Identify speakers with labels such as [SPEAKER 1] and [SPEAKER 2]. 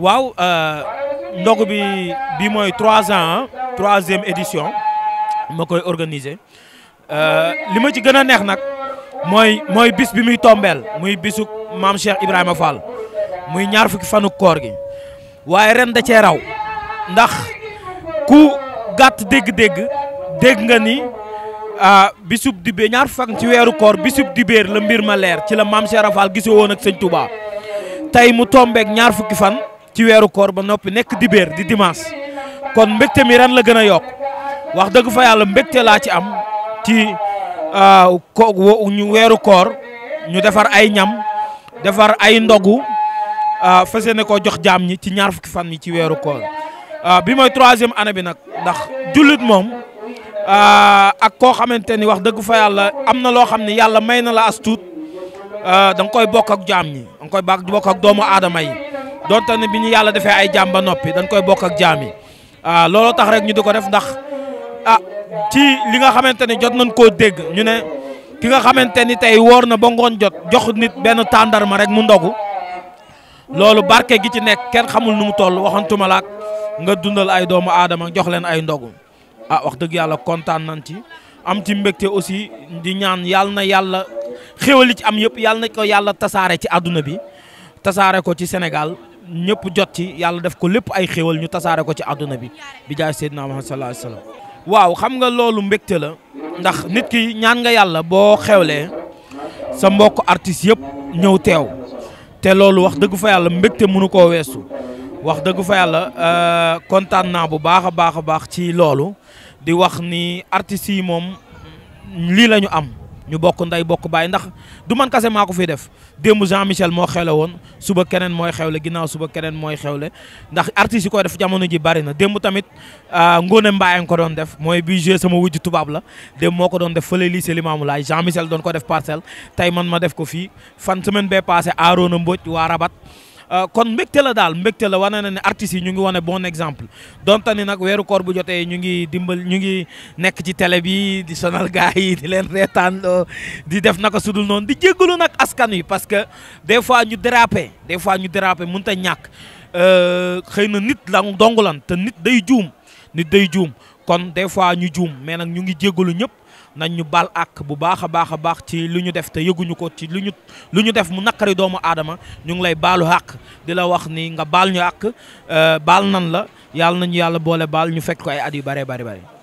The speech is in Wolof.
[SPEAKER 1] waaw euh, ndogu bi bi mooy trois ans troisième édition ma koy organiser euh, li ma ci gën a neex nag mooy mooy bis bi muy tombeel muy bisu maam Cheikh Ibrahima Fall muy ñaar fukki fanu koor gi waaye ren da cee raw ndax ku gàtt dégg-dégg dégg nga ni euh, bisub dibéer ñaar fan ci weeru koor bi bisub dibeer la mbir ma leer ci la maam Cheikh Fall gisee woon ak sëñ Touba tey mu tombeek ñaar fukki fan. ci weeru koor ba noppi nekk dibéer di dimanche kon mbégte mi ren la gën a yokk wax dëgg fa yàlla mbégte laa ci am ci ah, ko weeru koor ñu defar ay ñam defar ay ndogu ah, fas yéene koo jox jaam ñi ci ñaar fukki fan yi ci weeru koor ah, bi mooy troisième année bi nag ndax jullit moom ak koo xamante ni wax dëgg fa yàlla am na loo xam ne yàlla may na la as tuut da koy bokk ak jaam ñi da nga koy bokk ak doomu aadama yi. donte ne bi ñu yàlla defee ay jaam ba noppi dañ koy bokk ak jaam yi ah, looloo tax rek ñu di ko def ndax a ah, ci li nga xamante ni jot nañ koo dégg ñu ne ki nga xamante ni tey woor na ba ngoon jot jox nit benn tàndarma rek mu ndogu loolu barke gi ci nekk kenn xamul nu mu toll waxantuma laak nga dundal ay doomu aadama jox leen ay ndogu ah wax dëgg yàlla kontaan nañ ci am ci mbégte aussi di ñaan yàlla na yàlla xéwali ci am yëpp yàlla na ko yàlla tasaare ci àdduna bi tasaare ko ci Sénégal ñëpp jot ci yàlla def ko lépp ay xéwal ñu tasaare ko ci àdduna bi bi jaay Seydina ma sallallahu alayhi waaw xam nga loolu mbégte la ndax nit ki ñaan nga yàlla boo xewlee sa mbokk artiste yëpp ñëw teew te loolu wax dëgg fa yàlla mbégte mënu koo weesu wax dëgg fa yàlla euh, kontaan naa bu baax a baax a baax ci loolu di wax ni artistes yi moom lii lañu am ñu bokk nday bokk baay ndax du man kase maa ko fi def démb Jean Michel moo xewle woon suba keneen mooy xewle ginnaaw suba keneen mooy xewle ndax artistes yi koy def jamono ji bari na démb tamit euh, Ngone Mbaye ko doon def mooy bi joué sama wujj tubaab la démb moo ko doon def fële lycée Limamou Laye Jean Michel doon ko def parcel tey man ma def ko fii fan semaine bee passé Arona Mbodj waa Rabat Euh, kon mbégte la daal mbégte la wane na ne artistes yi ñu ngi wane bon exemple donte ni nag weeru koor bu jotee ñu ngi dimbal ñu ngi nekk ci tele bi di sonal gars yi di leen reetaan di def naka sudul noonu di jéggalu nag askan wi parce que des fois ñu déraper des fois ñu déraper mënut a ñàkk euh, xëy na nit la dongulan te nit day juum nit day juum kon des fois ñu juum mais nag ñu ngi jéggalu ñëpp. nañ ñu baal àq bu baax a baax a baax ci lu ñu def te yëguñu ko ci lu ñu lu ñu def mu naqari doomu aadama ñu ngi lay baalu àq di la wax ni nga baal ñu àq euh, baal nan la yàlla nañu yàlla boole baal ñu fekk ko ay at yu bare bari bari